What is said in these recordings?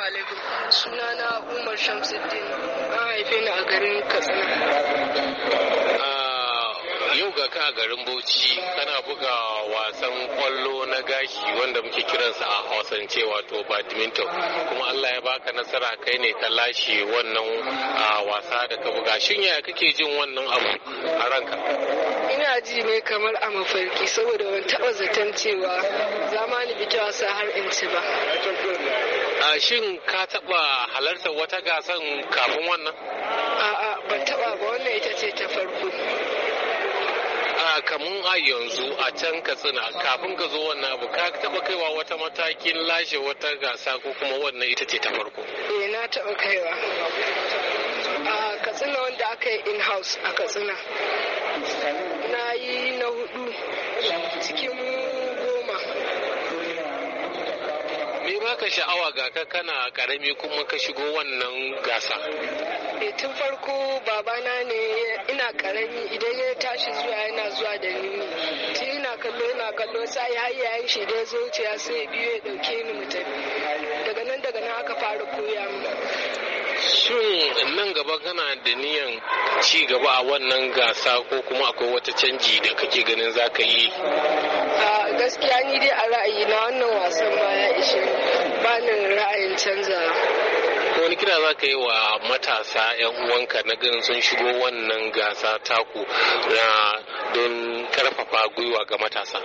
Assalamu alaikum. Sunana Umar Shamsuddin. An haife ni a garin Katsina. Ah, yau ga ka garin bauchi kana buga wasan kwallo na gashi wanda muke kiransa a hausance wato badminton kuma allah ya baka nasara kai ne ka lashe wannan wasa da ka buga shin yaya kake jin wannan abu a ranka ina ji mai kamar a mafarki saboda wani taba zaton cewa zamani bi ta wasa har in ci ba a shin ka taba halartar wata gasan kafin wannan a'a ban taba ba wannan ita ce ta farko kamun a yanzu a can katsina kafin ka zo wannan abu ka taba kaiwa wata matakin lashe wata gasa ko kuma wannan ita ce ta farko eh na taba kaiwa a katsina wanda aka yi in house a katsina na yi na hudu cikin goma me baka sha'awa ga ka kana karami kuma ka shigo wannan gasa eh, tun farko babana ne ya karami idan ya tashi zuwa yana zuwa da ni tun yana kallo yana kallo sai har yayin shi da zuciya sai biyo ya dauke ni mu tafi daga nan daga nan aka fara koya mu shin nan gaba kana da niyan ci gaba a wannan gasa ko kuma akwai wata canji da kake ganin za ka yi gaskiya ni dai a ra'ayi na wannan wasan baya ya ishe ba ni ra'ayin canza wani kira za ka yi wa matasa 'yan uwanka na ganin sun shigo wannan gasa taku na don karfafa gwiwa ga matasa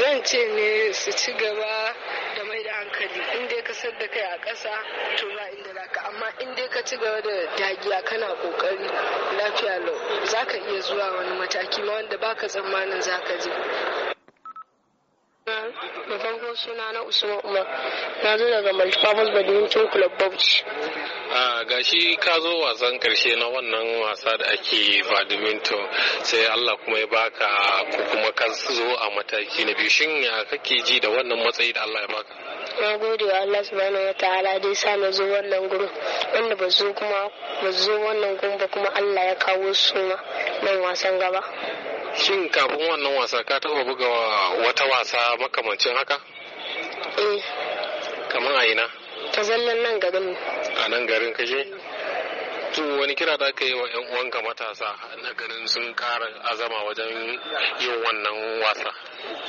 zan ce ne su ci gaba da mai da hankali inda ka ka da kai a ƙasa to ba inda za amma inda ka ci gaba da dagiya kana ƙoƙari lafiya lau za ka iya zuwa wani mataki ma wanda baka tsammanin za ka je da suna na usman umar na zo daga multipurpose badminton club bauchi a gashi ka zo wasan karshe na wannan wasa da ake badminton sai allah kuma ya baka ko kuma ka zo a mataki na biyu shin ya kake ji da wannan matsayi da allah ya baka na gode wa Allah subhanahu wa ta'ala dai sa na zo wannan gurin wanda ba zo kuma ba zo wannan gurin ba kuma Allah ya kawo suna nan wasan gaba shin kafin wannan wasa ka taɓa buga wata wasa makamancin haka eh kamar a ina ta zallan nan garin a nan garin kashe to wani kira da aka yi wa 'yan uwanka matasa na ganin sun kara azama wajen yin wannan wasa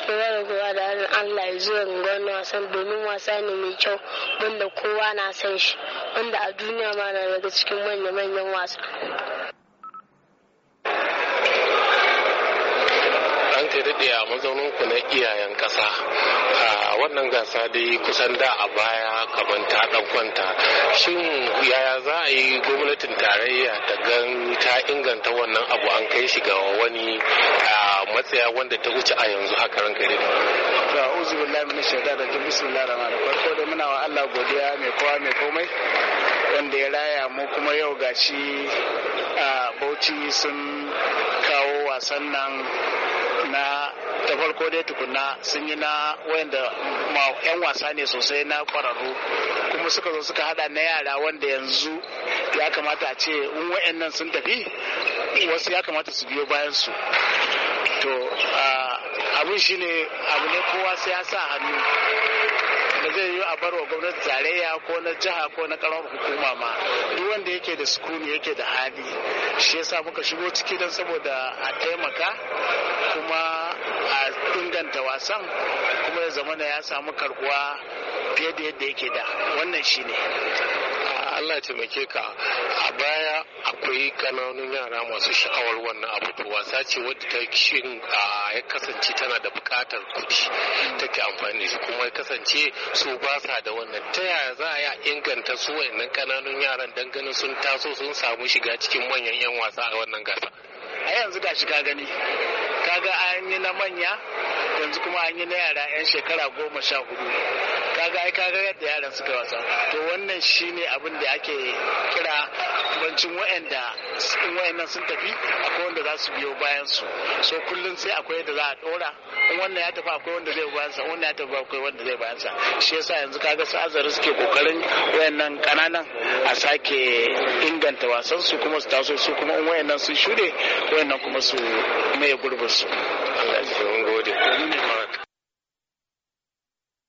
kowa da kowa da hannun allah ya zuwa gwanin wasan domin wasa ne mai kyau wanda kowa na san shi wanda a duniya ma na daga cikin manya-manyan wasa ta daɗe a mazaunin ku na iyayen ƙasa a wannan gasa dai kusan da a baya kamar ta ɗan kwanta shin yaya za a yi gwamnatin tarayya ta gan ta inganta wannan abu an kai shi ga wani matsaya wanda ta wuce a yanzu haka karan da uzu billahi min shaitan da bismillahir farko da muna wa Allah godiya mai kowa mai komai wanda ya raya mu kuma yau ga shi a bauchi sun kawo wasan nan na ta farko dai tukuna sun yi na wanda yan wasa ne sosai na kwararru kuma suka zo suka hada na yara wanda yanzu ya kamata a ce in nan sun tafi wasu ya kamata su biyo bayan su to abin shine abu ne kowa sai ya sa hannu da zai yi a barwa gwamnati tarayya ko na jiha ko na karamar hukuma ma duk wanda yake da sukuni yake da hali shi yasa muka shigo ciki don saboda a taimaka kuma a inganta wasan kuma ya zama ya samu karkuwa fiye da yadda yake da wannan shine Allah ya taimake ka a baya akwai kananun yara masu sha'awar wannan abu to wasa ce wadda ta shin ya kasance tana da bukatar kuɗi take amfani da kuma ya kasance su ba sa da wannan ta yaya za a inganta su wayannan kananun yaran dan ganin sun taso sun samu shiga cikin manyan 'yan wasa a wannan gasa a yanzu ga shiga gani kaga an yi na manya yanzu kuma an yi na yara 'yan shekara goma sha hudu kaga ai kaga yadda yaran suka wasa to wannan shi ne abin da ake kira bancin wa'anda in wa'annan sun tafi akwai wanda za su biyo bayan su so kullum sai akwai yadda za a dora in wannan ya tafi akwai wanda zai bayan sa wannan ya tafi akwai wanda zai bayan sa shi yasa yanzu kaga su azari suke kokarin wayannan kananan a sake inganta wasan su kuma su taso su kuma in wayannan sun shude wayannan kuma su mai gurbin su 中国的。